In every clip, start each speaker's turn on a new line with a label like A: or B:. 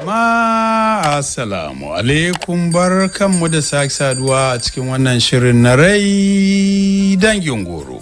A: Jama'a Assalamu alaikum bar kanmu da sake saduwa a cikin wannan shirin na rai dangin goro.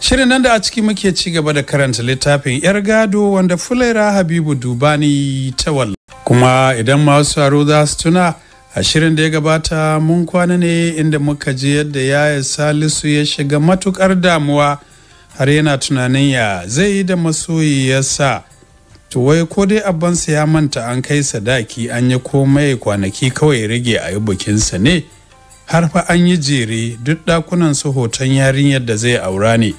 A: Shirin nan da a ciki muke ci gaba da karanta littafin 'yar gado wanda Fulaira Habibu Dubani ta walla. Kuma idan masu aro za su tuna a shirin da ya gabata mun kwana ne inda muka je yadda yi Salisu ya shiga matukar damuwa har yana tunanin ya zai yi da masoyiyarsa. to wai ko dai sa ya manta an kai sadaki an yi komai kwanaki kawai rage a yi bikinsa ne har fa an yi jere duk dakunan su hoton yarinyar da zai aura ne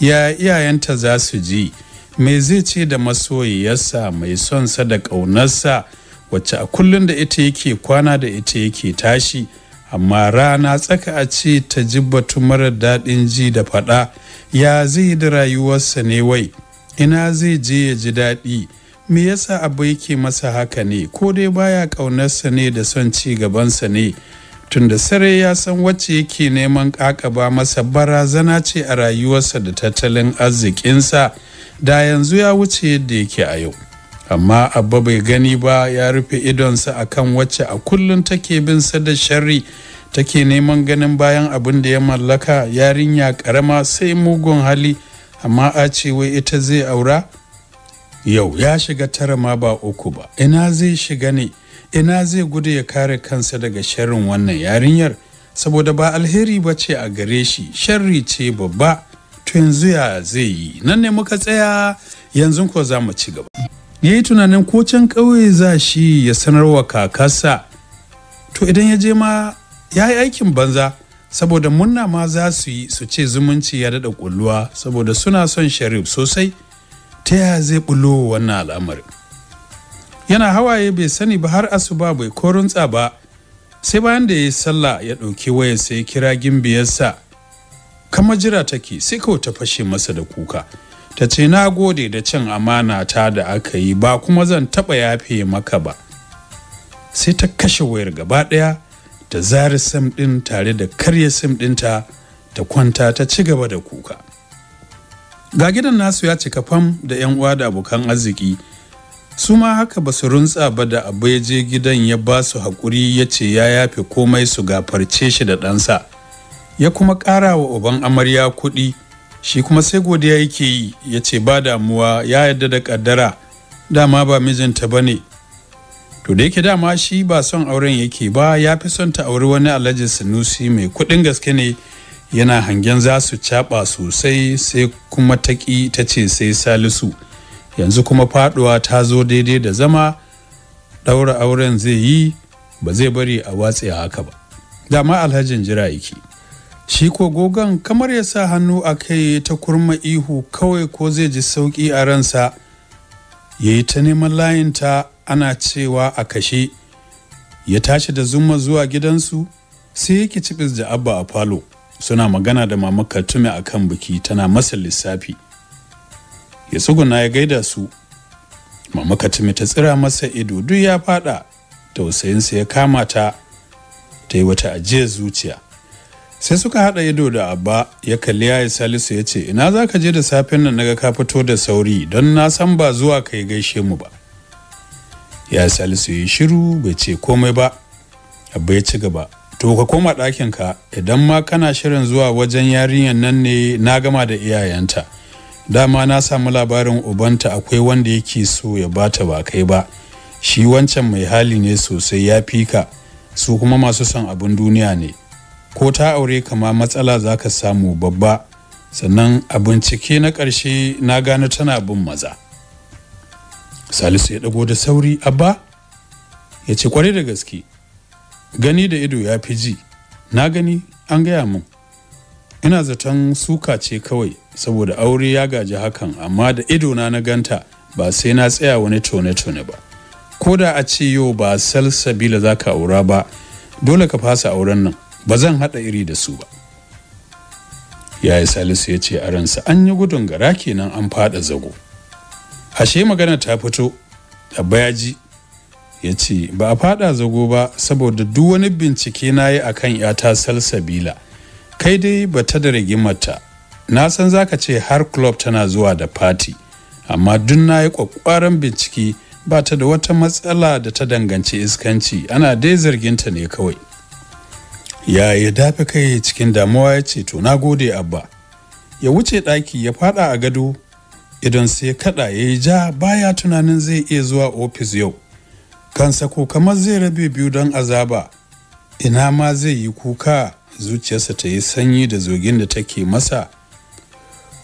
A: ya iyayenta za su ji me zai ce da masoyiyarsa mai son sa da ƙaunarsa wacce a kullum da ita yake kwana da ita yake tashi amma rana tsaka a ce ta ji batu mara daɗin ji da faɗa ya zai da rayuwarsa ne wai ina zai je ya ji daɗi me yasa abu yake masa haka ne ko dai baya ƙaunarsa ne da son ci gabansa ne tunda sare ya san wacce yake neman ƙaƙaba masa barazana ce a rayuwarsa da tattalin arzikinsa da yanzu ya wuce yadda yake a yau amma abba bai gani ba ya rufe idonsa a kan wacce a kullum take bin sa da sharri take neman ganin bayan abin da ya mallaka yarinya karama sai mugun hali amma a ce wai ita zai aura yau ya shiga tara ma ba uku ba ina zai shiga ne ina zai gudu ya kare kansa daga sharrin wannan yarinyar saboda ba alheri ba ce a gare shi sharri ce babba to yanzu ya zai yi nan ne muka tsaya yanzu ko za mu ci gaba ya yi tunanin ko can ƙauye za shi ya sanarwa kakasa. to idan ya je ma ya yi aikin banza saboda munna ma za su yi su ce zumunci ya daɗa ƙulluwa saboda suna son sharif sosai ta yaya zai ɓullo wannan al'amarin yana hawaye bai sani ba har asuba bai ko ba sai bayan da ya yi sallah ya ɗauki wayar sai kira gimbiyarsa kama jira take sai kawai ta fashe masa da kuka ta ce na gode da cin amana ta da aka yi ba kuma zan taɓa yafe maka ba sai ta kashe wayar gaba ɗaya ta zari sim ɗin tare da karya sim ɗinta ta kwanta ta ci gaba da kuka ga gidan nasu ya cika fam da 'yan uwa da abokan arziki su ma haka ba su runtsa ba da abu ya je gidan ya ba su haƙuri ya ce ya yafe komai su gafarce shi da ɗansa ya kuma ƙara wa uban amarya kuɗi shi kuma sai godiya yake yi ya ce ba damuwa ya yarda da ƙaddara dama ba mijinta ba ne to da yake dama shi ba son auren yake ba ya fi son ta auri wani alhaji sanusi mai kuɗin gaske ne yana hangen za su caɓa sosai sai kuma taƙi ta ce sai salisu yanzu kuma faɗuwa ta zo daidai da zama ɗaura auren zai yi ba zai bari a watse haka ba dama alhajin jira yake shi ko gogon kamar ya sa hannu a kai ta kurma ihu kawai ko zai ji sauƙi a ransa ya yi ta neman layinta ana cewa a kashe ya tashi da zuma zuwa gidansu sai yake cibis da abba a falo suna magana da mama katume a kan biki tana masa lissafi ya tsuguna ya gaida su mama katume ta tsira masa ido duk ya fada tausayinsa ya kama ta ta yi wata ajiyar zuciya sai suka haɗa ido da abba ya kalli ya salisu ya ce ina za ka je da safen nan naga ka fito da sauri don na san ba zuwa ka yi gaishe mu ba ya salisu yi shiru bai ce komai ba abba ya ci gaba to ka koma ɗakin ka idan ma kana shirin zuwa wajen yarinyar nan ne na gama da iyayenta dama na samu labarin ubanta akwai wanda yake so ya bata ba kai ba shi wancan mai hali ne sosai ya fi ka, su kuma masu son abin duniya ne ko ta aure kama matsala za ka samu babba sannan a na ƙarshe na gano tana bin maza salisu ya dago da sauri abba ya ce kwarai da gaske gani da ido ya fi ji na gani an gaya mun ina zaton suka ce kawai saboda aure ya gaji hakan amma da ido na na ganta ba sai na tsaya wani tone-tone ba ko da a ce yau ba salsabila za ka aura ba dole ka fasa auren nan ba zan haɗa iri da su ba yayi salisu ya ce a ransa an yi gudun gara kenan an faɗa zago ashe magana ta fito abba ya ji ya ce ba a fada zago ba saboda duk wani bincike na yi a akan yata salsabila kai dai ba ta da rigimata na san za ka ce har club tana zuwa da fati amma duk na yi kwakwaran bincike ba ta da wata matsala da ta danganci iskanci ana dai zarginta ne kawai ya ya dafe kai cikin damuwa ya ce to na gode abba ya wuce ɗaki ya fada a gado idan sai kada ya yi ja baya tunanin zai iya zuwa ofis yau kansa ko kamar zai rabe biyu don azaba ina ma zai yi kuka zuciyarsa ta yi sanyi da zogin da take masa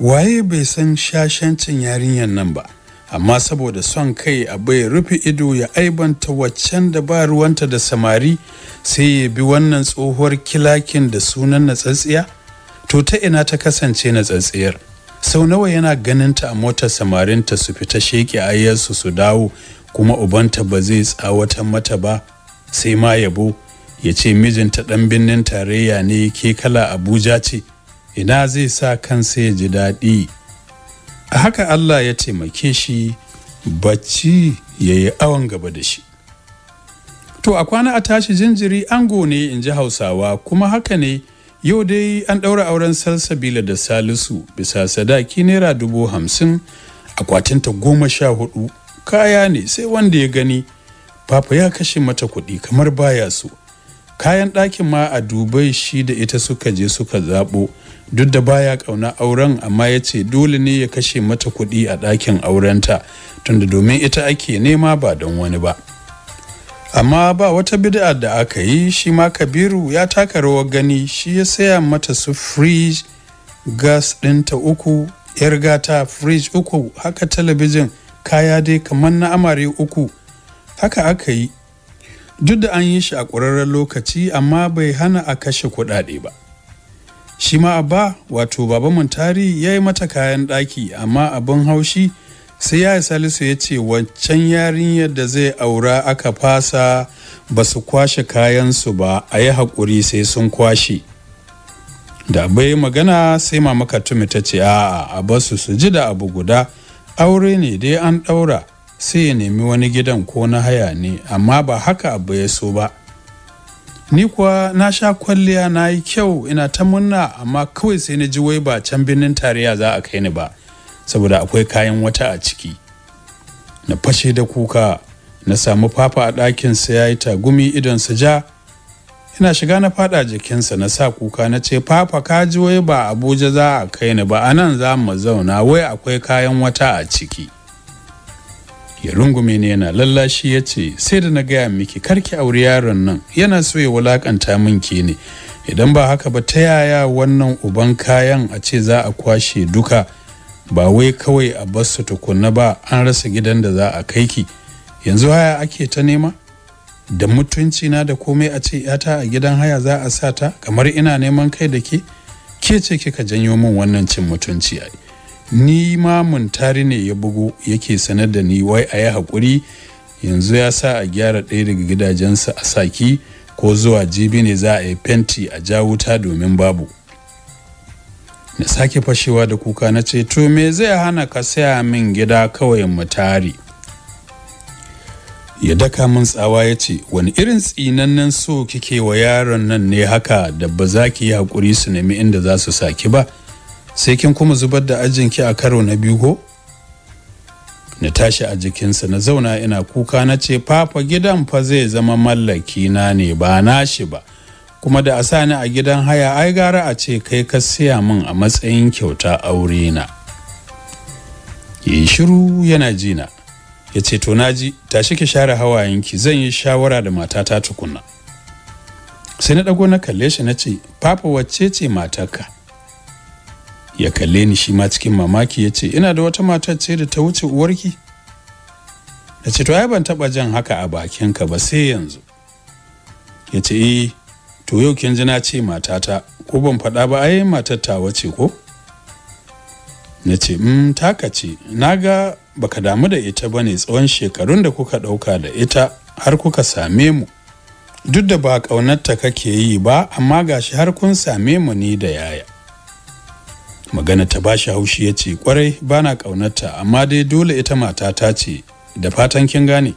A: waye bai san shashancin yarinyar nan ba amma saboda son kai a bai rufe ido ya aibanta waccan da ba ruwanta da samari sai ya bi wannan tsohuwar kilakin da sunan na tsatsiya to ta ina ta kasance na tsatsiyar sau nawa yana ganinta a motar samarinta su fita sheke ayyarsu su dawo kuma ubanta ba zai tsawatan mata ba sai ma yabo ya ce mijinta ɗan birnin tarayya ne ke kala abuja ce ina zai sa kansa ya ji daɗi a haka allah ya taimake shi bacci ya yi awon gaba da shi to a kwana a tashi jinjiri ango ne in ji hausawa kuma haka ne Yau dai an ɗaura auren Salsabila da Salisu bisa sadaki naira dubu hamsin akwatinta goma sha hudu kaya ne sai wanda ya gani papa ya kashe mata kuɗi kamar baya su. kayan ɗakin ma a dubai shi da ita suka je suka zaɓo duk da baya ƙauna auren amma ya ce dole ne ya kashe mata kuɗi a ɗakin aurenta tunda domin ita ake nema ba don wani ba amma ba wata bid'a da aka yi shi ma kabiru ya taka rawar gani shi ya saya mata su fridge gas ɗinta uku yar gata fridge uku haka talabijin kaya dai kamar na amare uku haka aka yi duk da an yi shi a ƙwararren lokaci amma bai hana a kashe kuɗaɗe ba shi ma abba wato baba tari ya yi mata kayan ɗaki amma abin haushi sai ya salisu ya ce waccan yarinyar da zai aura aka fasa ba su kwashe kayansu ba a yi haƙuri sai sun kwashe da bai magana sai mama katumi ta ce a'a a basu su ji da abu guda aure ne dai an ɗaura sai ya nemi wani gidan ko na haya ne amma ba haka abu ya so ba ni kuwa na sha kwalliya na yi kyau ina ta munna amma kawai sai na ji wai ba can birnin tariya za a kai ni ba saboda akwai kayan wata a ciki na fashe da kuka na samu fafa a ɗakinsa ya yi tagumi idonsa ja ina shiga na fada jikinsa na sa kuka na ce fafa ka ji wai ba abuja za a kai ni ba a nan za mu zauna wai akwai kayan wata a ciki ya rungume ne yana lallashi ya ce sai da na gaya miki karki auri yaron nan yana so ya wulakanta min ke ne idan ba haka ba ta yaya wannan uban kayan a ce za a kwashe duka ba wai kawai a basu tukunna ba an rasa gidan da za a kai ki yanzu haya ake ta nema da mutunci na da komai a ce yata a gidan haya za a sa ta kamar ina neman kai da ke ke ce kika janyo min wannan cin mutunci ai ni ma mun muntari ne ya bugo yake sanar da ni wai a yi haƙuri yanzu ya sa a gyara ɗaya daga gidajensa a saki ko zuwa jibi ne za a yi fenti a ja wuta domin babu na sake fashewa da kuka na ce to me zai hana ka saya min gida kawai mu tare ya daka min tsawa ya ce wani irin tsinannen so kike wa yaron nan ne haka da ba za ki yi haƙuri su nemi inda za su saki ba sai kin kuma zubar da ajin ki a karo na biyu ko na tashi a jikinsa na zauna ina kuka na ce fafa gidan fa zai zama mallaki na ne ba na shi ba kuma da a sani a gidan haya ai gara a ce kai ka siya min a matsayin kyauta aure na yi shiru yana jina ya ce to naji tashi ki share hawayenki zan yi shawara da matata tukunna sai na dago na kalle shi na ce papa wacce ce matarka ya kalle ni shi ma cikin mamaki ya ce ina da wata matar ce da ta wuce uwarki na ce to ai ban taba jan haka a bakinka ba sai yanzu ya ce eh to yau kin ji na ce matata ko ban faɗa ba ai matar wace ce ko na ce mm, taka ce na ga baka damu da ita ba ne tsawon shekarun da kuka ɗauka da ita har kuka same mu duk da ba ƙaunarta kake yi ba amma gashi har kun same mu ni da yaya magana ta ba shi haushi ya ce kwarai bana ƙaunarta amma dai dole ita matata ce da fatan kin gane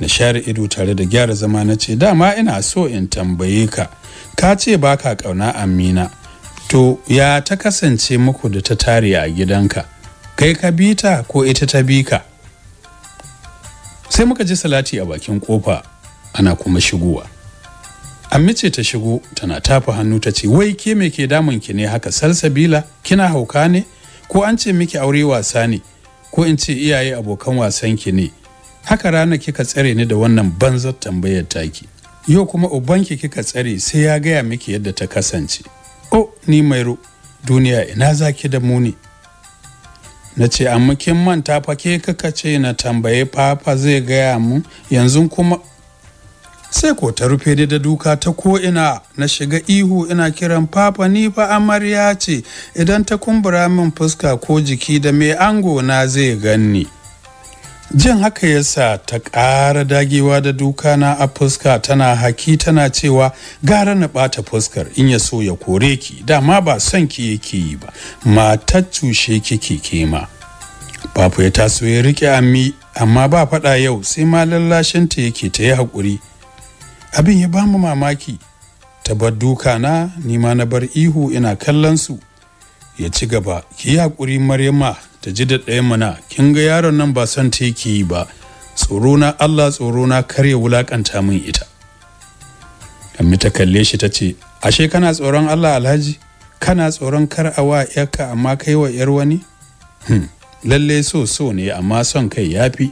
A: na share ido tare da gyara zama na ce dama ina so in tambaye ka ka ce ba ka ƙauna amina to ya ta kasance muku da ta tare a gidanka kai ka bi ta ko ita ta bi ka sai muka ji salati a bakin kofa ana kuma shigowa ce ta shigo tana tafa hannu ta ce wai ke me ke damun ki ne haka salsabila kina hauka ne ko an ce miki aure wasa ne ko in ce iyaye abokan wasan ki ne haka rana kika tsare ni da wannan banzar tambayar taki yau kuma ubanki kika tsare sai ya gaya miki yadda ta kasance o ni mai duniya ina zaki da muni na ce amma kin manta fa ke kaka ce na tambaye papa zai gaya mu yanzu kuma sai ko ta rufe da da duka ta ko ina na shiga ihu ina kiran papa ni fa amarya ce idan ta kumbura min fuska ko jiki da mai ango na zai ganni jin haka yasa ta ƙara dagewa da duka na a fuska tana haki tana cewa gara na ɓata fuskar in ya so ya kore ki dama ba son ki yake yi ba matar cushe kike kema babu ya taso ya rike ami amma ba faɗa yau sai ma lallashin ta yake ta yi hakuri. abin ya bamu mamaki ta bar duka na nima na bar ihu ina kallon su ya ci gaba ki yi haƙuri maryama ta ji da ɗaya mana kin ga yaron nan ba son ta yake yi ba tsoro na Allah tsoro na kare wulakanta min ita amma ta kalle shi ta ce ashe kana tsoron Allah alhaji kana tsoron kar a wa yarka amma kai wa yar wani hmm. lalle so so ne amma son kai yafi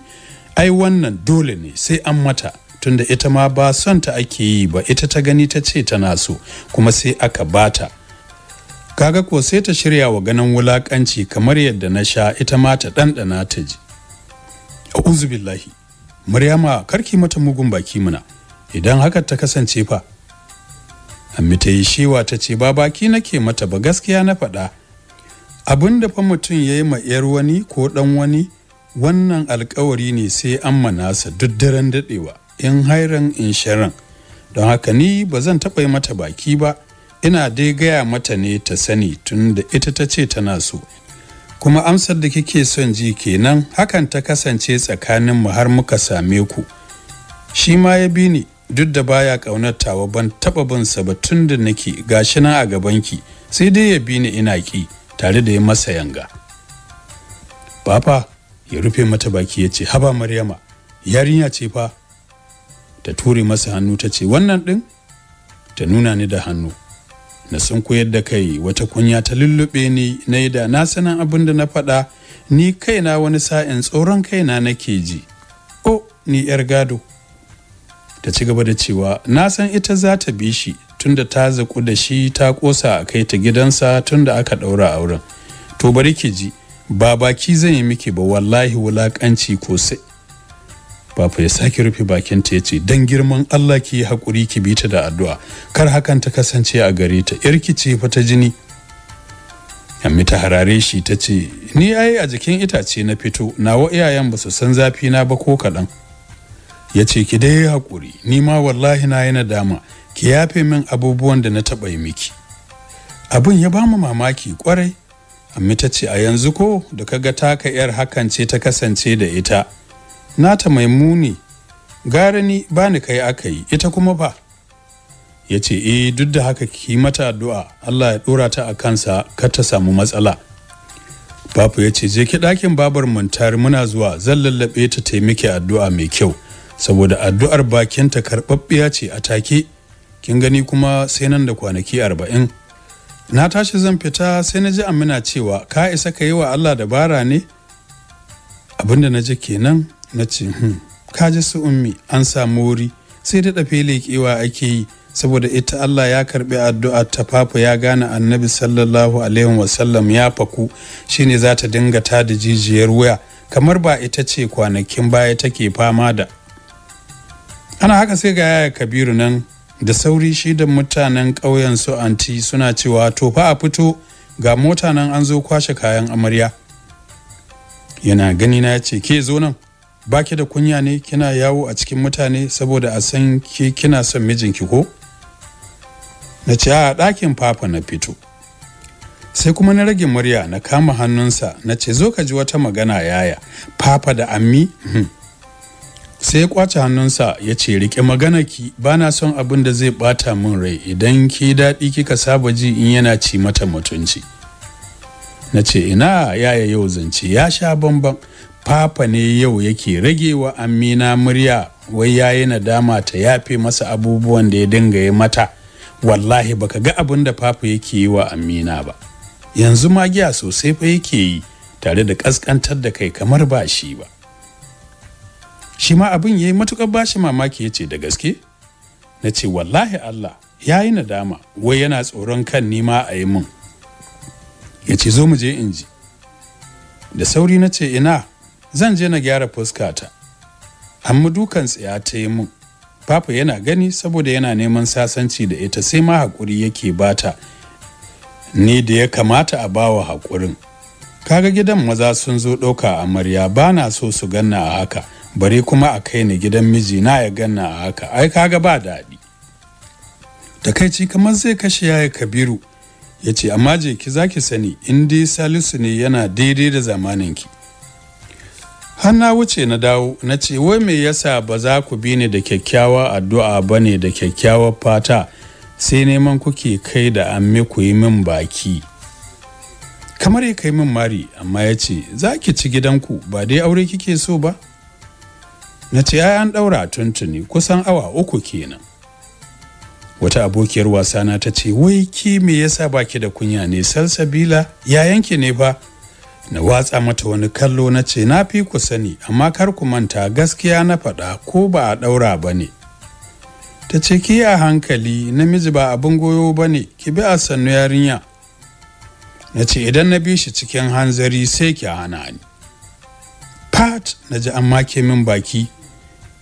A: ai wannan dole ne sai an mata tunda ita ma ba son ta ake yi ba ita ta gani ta ce tana so kuma sai aka bata kaga ko sai ta shirya wa ganin wulakanci kamar yadda na sha ita ma ta ɗanɗana ta ji a'udhu billahi maryama karki mata mugun baki muna idan haka ta kasance fa amma ta yi shewa ta ce ba baki nake mata ba gaskiya na faɗa abin da fa mutum ya yi ma 'yar wani ko ɗan wani wannan alkawari ne sai an manasa duk daren daɗewa in hairan in don haka ni ba zan taɓa yi mata baki ba ina dai gaya mata ne ta sani tun da ita ta ce tana so kuma amsar da kike son ji kenan hakan ta kasance tsakanin mu har muka same ku shi ma ya bi ni duk da baya ƙaunar tawa ban taɓa bin sa ba tun da nake gashi nan a gabanki sai dai ya bi ni ina ki tare da ya masa yanga Papa ya rufe mata baki ya ce haba Maryama yarinya ce fa ta ture masa hannu ta ce wannan ɗin ta nuna ni da hannu na san koyar da kai wata kunya ta lullube ni na yi da na sanin abin da na faɗa ni kaina wani sa'in tsoron kaina nake ji o ni yar gado ta ci gaba da cewa na san ita za ta bi shi tunda ta zaku da shi ta kosa a kai ta gidansa tunda aka ɗaura auren to bari ki ji ba baki zan yi miki ba wallahi wulakanci ko sai Papa ya sake rufe bakin ta yace dan girman Allah ki hakuri ki bi ta da addu'a kar hakan ta kasance a gare ta ki ce fa ta jini Yammi ta harare shi ta ce ni ai a jikin itace na fito nawa iyayen ba su san zafi na ba ko kaɗan ya ce ki dai hakuri ni ma wallahi na yi dama ki yafe min abubuwan da na taɓa yi miki abin ya bamu mamaki kwarai amma ta ce a yanzu ko da kaga taka yar hakan ce ta kasance da ita nata mai muni gara ni ba ni kai aka yi ita kuma ba ya ce eh duk da haka ki mata addu'a Allah ya dora ta a kansa kar ta samu matsala Babu ya ce je ki ɗakin babar mantar muna zuwa zan lallaɓe ta taimake addu'a mai kyau saboda addu'ar bakinta karɓaɓɓiya ce a take kin gani kuma sai nan da kwanaki arba'in na tashi zan fita sai na ji amina cewa ka isa ka yi wa Allah dabara ne abinda na ji kenan na ce hmm. kaji su ummi an samu wuri sai daɗa fele lekewa ake yi saboda ita Allah ya karɓi addu'a ta fafa ya gane annabi sallallahu alaihi wasallam ya faku shine za ta dinga ta da jijiyar wuya kamar ba ita ce kwanakin baya take fama da ana haka sai ga yaya kabiru nan da sauri shi da mutanen ƙauyen su anti suna cewa to fa a fito ga mota nan an zo kwashe kayan amarya yana gani na ce ke zo nan ba ki da kunya ne kina yawo a cikin mutane saboda a san ki kina son mijinki ko na ce a ɗakin fafa na fito sai kuma na rage murya na kama hannunsa na ce zo ka ji wata magana yaya fafa da ammi hmm. sai ya kwace hannunsa ya ce rike ki? ba na son abin da zai bata min rai idan ki daɗi kika saba ji in yana ci mata mutunci na ce ina yaya yau zance ya sha bamban Papa ne yau yake rage wa Amina murya wai yayi nadama ta yafe masa abubuwan da ya dinga yi mata. Wallahi baka ga abin da Papa yake yi wa Amina ba. Yanzu magiya sosai fa yake yi tare da kaskantar da kai kamar ba shi ba. Shi ma abin yayi matukar matuƙar bashi mamaki ya ce da gaske? Na ce wallahi Allah ya yi nadama wai yana tsoron kan nima a yi mun. Ya ce zo mu je in ji. Da sauri na ce ina zan je na gyara fuskata amma dukan tsaya ta yi mun Papa yana gani saboda yana neman sasanci da ita sai ma haƙuri yake bata ni da ya kamata a bawa haƙurin kaga gidan maza sun zo ɗauka amarya ba na so su ganna a haka bari kuma a kai ni gidan miji na ya ganna a haka ai kaga ba daɗi takaici kamar zai kashe yaya kabiru ya ce amma je ki zaki sani in dai salisu ne yana daidai da zamaninki har na wuce na dawo na ce wai me yasa ba za ku bi ni da kyakkyawa addu'a ba ne da kyakkyawar fata sai neman kuke kai da amme ku yi min baki kamar ya kai min mari amma ya ce za ki ci gidanku ba dai aure kike so ba na ce ya an ɗaura tuntuni kusan awa uku kenan wata abokiyar wasana ta ce wai ki me yasa baki da kunya ne salsabila ya yayanki ne ba na watsa mata wani kallo na ce na fi ku sani amma kar ku manta gaskiya na faɗa ko ba a ɗaura ba ne ta ce ki a hankali namiji ba abin goyo ba ne ki bi a sannu yarinya na ce idan na bi shi cikin hanzari sai ki hana ni pat na ji an make min baki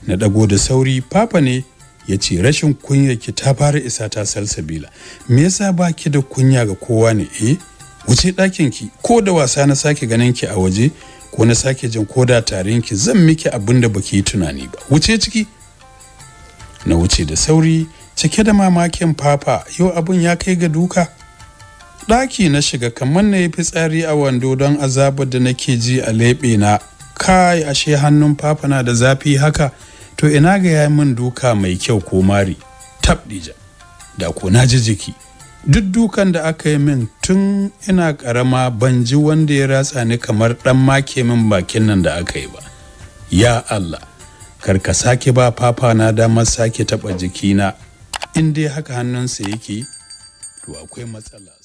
A: na ɗago da sauri papa ne ya ce rashin kunya ki ta fara isa ta salsabila me yasa ba ki da kunya ga kowa ne eh wuce ɗakin ki ko da wasa na sake ganin ki a waje ko na sake jin ko da tarin ki zan miki abin da baki tunani ba wuce ciki na wuce da sauri cike da mamakin papa yau abun ya kai ga duka ɗaki na shiga kamar na yi fitsari a wando don azabar da nake ji a leɓe na kai ashe hannun papa na da zafi haka to ina ga ya min duka mai kyau ko mari tabdija da ko na ji jiki duk dukan da aka yi min tun ina ƙarama ban ji wanda ya ratsa ni kamar ɗan make min bakin nan da aka yi ba ya Allah kar ka sake ba papa na damar sake taba jikina in dai haka hannunsa yake to akwai matsala